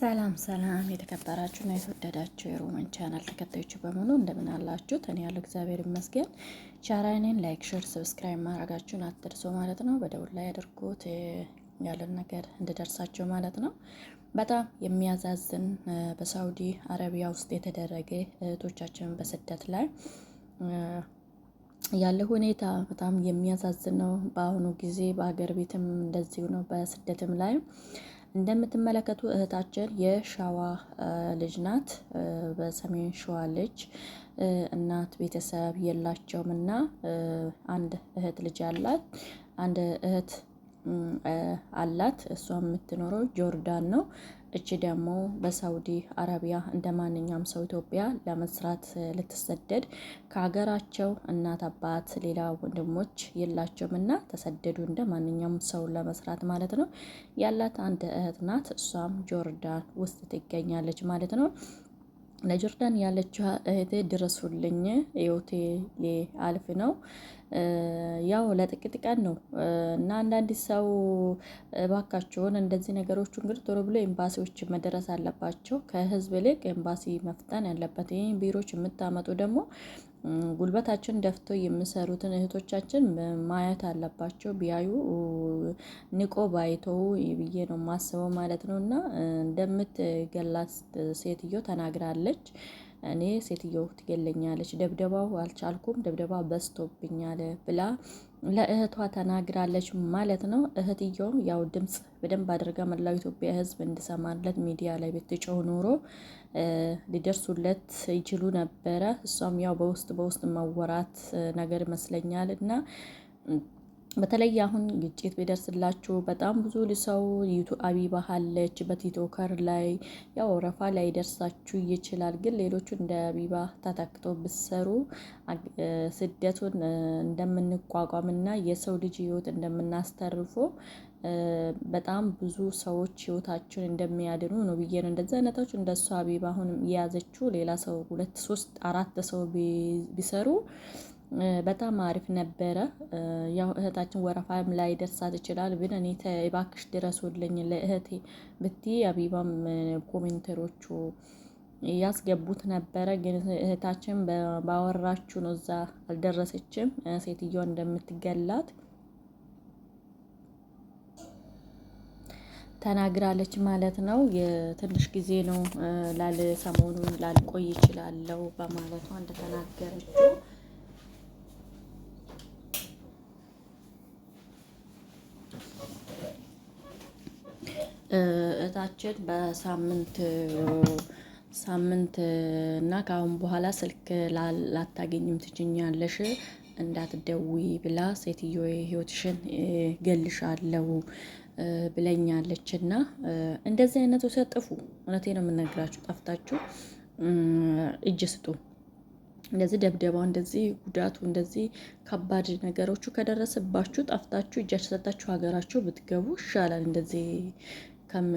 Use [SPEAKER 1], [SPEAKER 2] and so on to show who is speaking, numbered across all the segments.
[SPEAKER 1] ሰላም ሰላም የተከበራችሁ እና የተወደዳችሁ የሮማን ቻናል ተከታዮች በሙሉ እንደምን አላችሁት? እኔ ያለው እግዚአብሔር ይመስገን። ቻራይኔን ላይክ፣ ሼር፣ ሰብስክራይብ ማድረጋችሁን አትርሶ ማለት ነው። በደውል ላይ አድርጉት ያለን ነገር እንድደርሳቸው ማለት ነው። በጣም የሚያዛዝን በሳውዲ አረቢያ ውስጥ የተደረገ እህቶቻችን በስደት ላይ ያለ ሁኔታ በጣም የሚያሳዝን ነው። በአሁኑ ጊዜ በሀገር ቤትም እንደዚሁ ነው፣ በስደትም ላይ እንደምትመለከቱ እህታችን የሸዋ ልጅ ናት። በሰሜን ሸዋ ልጅ እናት ቤተሰብ የላቸውም እና አንድ እህት ልጅ አላት። አንድ እህት አላት። እሷ የምትኖረው ጆርዳን ነው። እች ደግሞ በሳውዲ አረቢያ እንደ ማንኛውም ሰው ኢትዮጵያ ለመስራት ልትሰደድ ከሀገራቸው እናት አባት፣ ሌላ ወንድሞች የላቸውም እና ተሰደዱ እንደ ማንኛውም ሰው ለመስራት ማለት ነው። ያላት አንድ እህት ናት። እሷም ጆርዳን ውስጥ ትገኛለች ማለት ነው። ለጆርዳን ያለችው እህቴ ድረሱልኝ፣ ህይወቴ አልፍ ነው። ያው ለጥቂት ቀን ነው እና አንዳንድ ሰው እባካችሁን እንደዚህ ነገሮቹ እንግዲህ ቶሎ ብሎ ኤምባሲዎች መደረስ አለባቸው። ከህዝብ ይልቅ ኤምባሲ መፍጠን ያለበት። ይህ ቢሮዎች የምታመጡ ደግሞ ጉልበታችን ደፍቶ የሚሰሩትን እህቶቻችን ማየት አለባቸው። ቢያዩ ንቆ ባይተው ብዬ ነው ማስበው ማለት ነው። እና እንደምትገላት ሴትዮ ተናግራለች። እኔ ሴትዮ ትገለኛለች፣ ደብደባው አልቻልኩም፣ ደብደባ በስቶብኛለ ብላ ለእህቷ ተናግራለች ማለት ነው። እህትየው ያው ድምፅ በደንብ አድርጋ መላው ኢትዮጵያ ሕዝብ እንድሰማለት ሚዲያ ላይ ብትጮህ ኖሮ ሊደርሱለት ይችሉ ነበረ። እሷም ያው በውስጥ በውስጥ መወራት ነገር ይመስለኛል እና በተለይ አሁን ግጭት ቢደርስላችሁ በጣም ብዙ ሰው አቢባ አለች በቲቶከር ላይ ያው ወረፋ ላይ ደርሳችሁ ይችላል። ግን ሌሎቹ እንደ አቢባ ተተክቶ ብሰሩ ስደቱን እንደምንቋቋምና የሰው ልጅ ህይወት እንደምናስተርፎ በጣም ብዙ ሰዎች ሕይወታቸውን እንደሚያድኑ ነው ብዬ ነው። እንደዚህ አይነቶች እንደሱ አቢባ አሁን የያዘችው ሌላ ሰው ሁለት ሶስት አራት ሰው ቢሰሩ በጣም አሪፍ ነበረ። ያው እህታችን ወረፋም ላይ ደርሳት ይችላል ብን እኔ እባክሽ ድረሱልኝ ለእህቴ ብቲ አቢባም ኮሜንተሮቹ ያስገቡት ነበረ። ግን እህታችን ባወራችሁ ነው እዛ አልደረሰችም። ሴትዮዋ እንደምትገላት ተናግራለች ማለት ነው። የትንሽ ጊዜ ነው ላል ሰሞኑን ላልቆይ ይችላለው በማለቷ እንደተናገረችው እህታችን በሳምንት ሳምንት እና ከአሁን በኋላ ስልክ ላታገኝም ትችኛለሽ እንዳትደዊ ብላ ሴትዮ ህይወትሽን ገልሻለው ብለኛለች። እና እንደዚህ አይነት ውሰት ጥፉ። እውነቴ ነው የምነግራችሁ። ጠፍታችሁ እጅ ስጡ። እንደዚህ ደብደባው፣ እንደዚህ ጉዳቱ፣ እንደዚህ ከባድ ነገሮቹ ከደረሰባችሁ ጠፍታችሁ እጃችሁ ሰጣችሁ ሀገራችሁ ብትገቡ ይሻላል እንደዚህ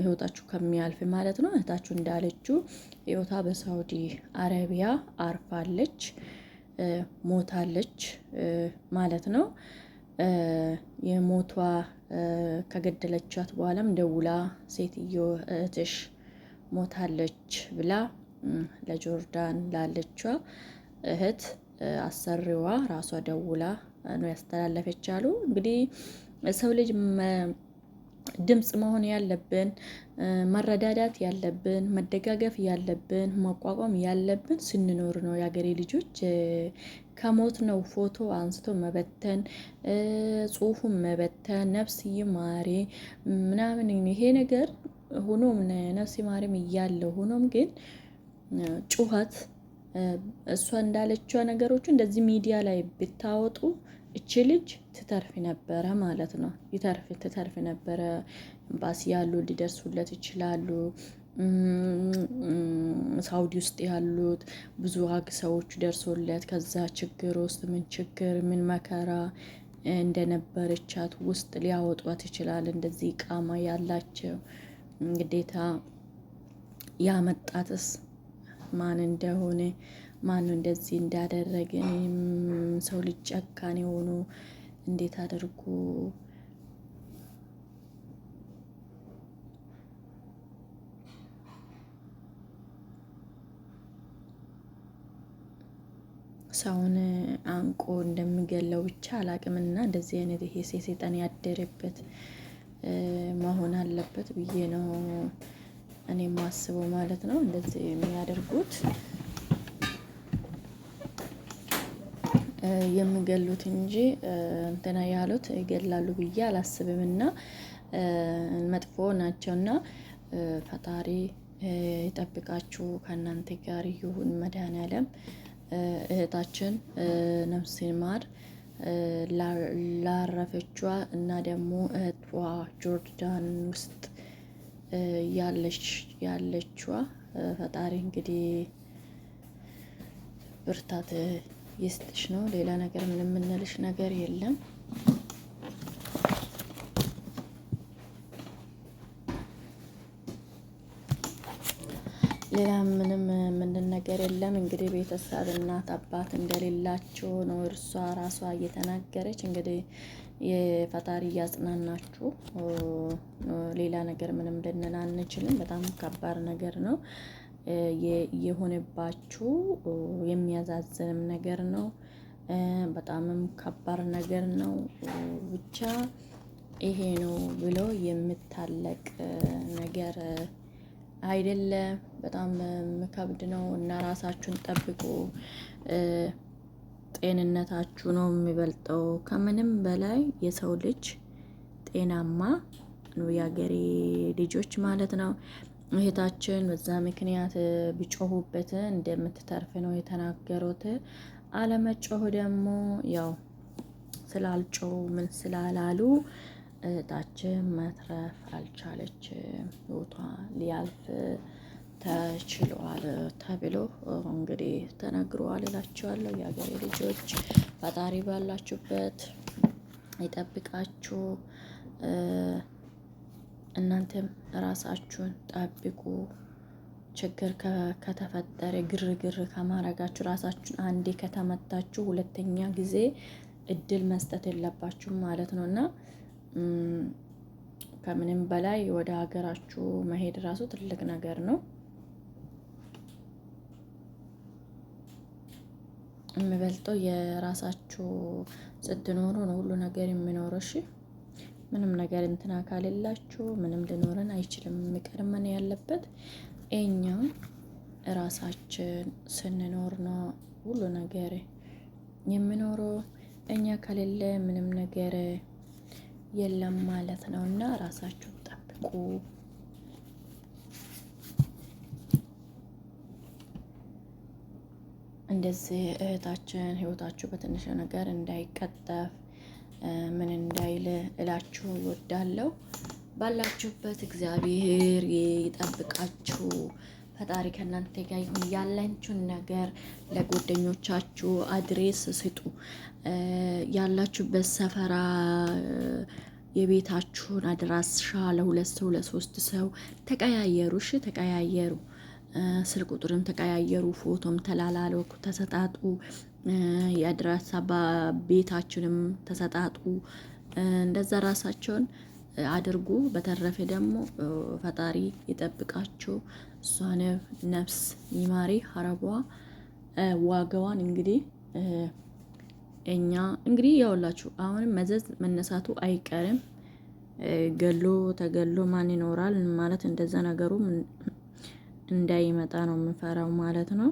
[SPEAKER 1] ህይወታችሁ ከሚያልፍ ማለት ነው። እህታችሁ እንዳለችው ህይወቷ በሳውዲ አረቢያ አርፋለች፣ ሞታለች ማለት ነው። የሞቷ ከገደለቻት በኋላም ደውላ ሴትዮ እህትሽ ሞታለች ብላ ለጆርዳን ላለቿ እህት አሰሪዋ ራሷ ደውላ ነው ያስተላለፈች አሉ። እንግዲህ ሰው ልጅ ድምፅ መሆን ያለብን መረዳዳት ያለብን መደጋገፍ ያለብን መቋቋም ያለብን ስንኖር ነው። የሀገሬ ልጆች ከሞት ነው ፎቶ አንስቶ መበተን ጽሁፉን መበተን ነፍስ ይማሬ ምናምን ይሄ ነገር ሆኖም ነፍስ ይማሬም እያለ ሆኖም ግን ጩኸት እሷ እንዳለቿ ነገሮቹ እንደዚህ ሚዲያ ላይ ብታወጡ እቺ ልጅ ትተርፍ ነበረ ማለት ነው። ይተርፍ ትተርፍ ነበረ። ኤምባሲ ያሉ ሊደርሱለት ይችላሉ። ሳውዲ ውስጥ ያሉት ብዙ ሀግ ሰዎች ደርሶለት ከዛ ችግር ውስጥ ምን ችግር ምን መከራ እንደነበረቻት ውስጥ ሊያወጧት ይችላል። እንደዚህ ቃማ ያላቸው ግዴታ ያመጣትስ ማን እንደሆነ ማኑ እንደዚህ እንዳደረገ ሰው ልጅ ጨካን የሆኑ እንዴት አድርጎ! ሰውን አንቆ እንደሚገለው ብቻ አላቅምና እንደዚህ አይነት ይሄ ሴሴጠን ያደረበት መሆን አለበት ብዬ ነው እኔ ማስበው ማለት ነው። እንደዚህ የሚያደርጉት የሚገሉት እንጂ እንትና ያሉት ይገላሉ ብዬ አላስብም። እና መጥፎ ናቸው እና ፈጣሪ ይጠብቃችሁ ከእናንተ ጋር ይሁን መድኃኔዓለም። እህታችን ነፍስን ማር ላረፈቿ እና ደግሞ እህቷ ጆርዳን ውስጥ ያለችዋ ፈጣሪ እንግዲህ ብርታት ይስጥሽ ነው። ሌላ ነገር ምን የምንልሽ ነገር የለም። ሌላ ምንም ምንድን ነገር የለም። እንግዲህ ቤተሰብ እናት አባት እንደሌላቸው ነው እርሷ ራሷ እየተናገረች እንግዲህ የፈጣሪ እያጽናናችሁ ሌላ ነገር ምንም ልንል አንችልም። በጣም ከባድ ነገር ነው። የሆነባችሁ የሚያዛዝንም ነገር ነው። በጣምም ከባድ ነገር ነው። ብቻ ይሄ ነው ብሎ የምታለቅ ነገር አይደለም። በጣም ምከብድ ነው እና ራሳችሁን ጠብቁ። ጤንነታችሁ ነው የሚበልጠው ከምንም በላይ የሰው ልጅ ጤናማ ነው የአገሬ ልጆች ማለት ነው። እህታችን በዛ ምክንያት ቢጮሁበት እንደምትተርፍ ነው የተናገሩት። አለመጮሁ ደግሞ ያው ስላልጮሁ ምን ስላላሉ እህታችን መትረፍ አልቻለችም። ህይወቷ ሊያልፍ ተችሏል ተብሎ እንግዲህ ተነግሯል እላችኋለሁ። የሀገሬ ልጆች ፈጣሪ ባላችሁበት ይጠብቃችሁ። እናንተም ራሳችሁን ጠብቁ። ችግር ከተፈጠረ ግርግር ከማረጋችሁ ራሳችሁን አንዴ ከተመታችሁ ሁለተኛ ጊዜ እድል መስጠት የለባችሁም ማለት ነው እና ከምንም በላይ ወደ ሀገራችሁ መሄድ ራሱ ትልቅ ነገር ነው። የሚበልጠው የራሳችሁ ስትኖሩ ነው ሁሉ ነገር የሚኖረው። ምንም ነገር እንትና ካሌላችሁ ምንም ልኖረን አይችልም። የሚቀድመን ያለበት እኛም ራሳችን ስንኖር ነው ሁሉ ነገር የምኖረው። እኛ ከሌለ ምንም ነገር የለም ማለት ነው። እና ራሳችሁን ጠብቁ። እንደዚህ እህታችን ህይወታችሁ በትንሽ ነገር እንዳይቀጠፍ ምን እንዳይል እላችሁ ወዳለው ባላችሁበት እግዚአብሔር ይጠብቃችሁ። ፈጣሪ ከእናንተ ጋር ይሁን። ያላችሁን ነገር ለጓደኞቻችሁ አድሬስ ስጡ። ያላችሁበት ሰፈራ የቤታችሁን አድራሻ ለሁለት ሰው ለሶስት ሰው ተቀያየሩ። እሺ ተቀያየሩ። ስልክ ቁጥርም ተቀያየሩ፣ ፎቶም ተላላለኩ፣ ተሰጣጡ፣ የአድራሻ ቤታችንም ተሰጣጡ። እንደዛ ራሳቸውን አድርጉ። በተረፈ ደግሞ ፈጣሪ ይጠብቃቸው። እሷ ነፍስ ይማሪ። ሀረቧ ዋጋዋን እንግዲህ እኛ እንግዲህ ያውላችሁ አሁንም መዘዝ መነሳቱ አይቀርም። ገሎ ተገሎ ማን ይኖራል ማለት እንደዛ ነገሩ እንዳይመጣ ነው የምንፈራው ማለት ነው።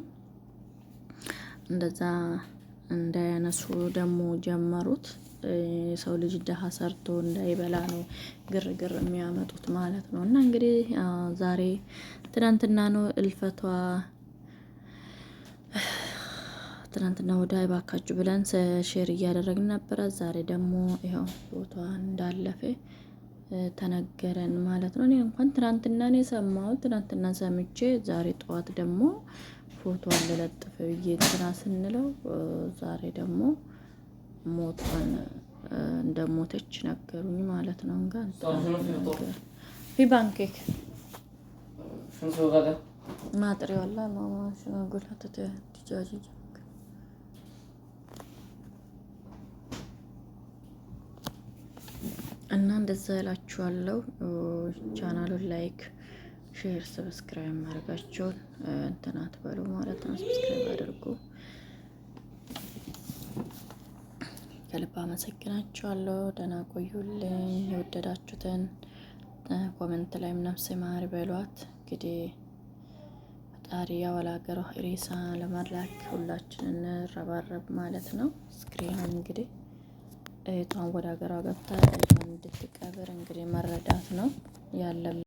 [SPEAKER 1] እንደዛ እንዳያነሱ ደግሞ ጀመሩት። የሰው ልጅ ደሀ ሰርቶ እንዳይበላ ነው ግርግር የሚያመጡት ማለት ነው። እና እንግዲህ ዛሬ ትናንትና ነው እልፈቷ ትናንትና ወደ አይባካችሁ ብለን ሼር እያደረግን ነበረ። ዛሬ ደግሞ ይኸው ቦታ እንዳለፈ ተነገረን ማለት ነው። እኔ እንኳን ትናንትና ነው የሰማሁት። ትናንትና ሰምቼ ዛሬ ጠዋት ደግሞ ፎቶ አለለጥፍ ብዬ እንትና ስንለው ዛሬ ደግሞ ሞቷን እንደ ሞተች ነገሩኝ ማለት ነው። እንጋ ፊ ባንኬክ ማጥሪ ዋላ ማማሽ ሽናጉላ ተተ እና እንደዛ እላችኋለሁ። ቻናሉን ላይክ፣ ሼር፣ ሰብስክራይብ ማድረጋችሁን እንትን አትበሉ ማለት ነው። ሰብስክራይብ አድርጉ። ከልብ አመሰግናችኋለሁ። ደህና ቆዩልኝ። የወደዳችሁትን ኮመንት ላይ ነፍሴ ማር በሏት። እንግዲህ ፈጣሪ ያወላ ሀገሯ ሬሳ ለማድላክ ሁላችን እንረባረብ ማለት ነው። ስክሪን እንግዲህ እህቷን ወደ ሀገሯ ገብታ እህቷን እንድትቀብር እንግዲህ መረዳት ነው ያለ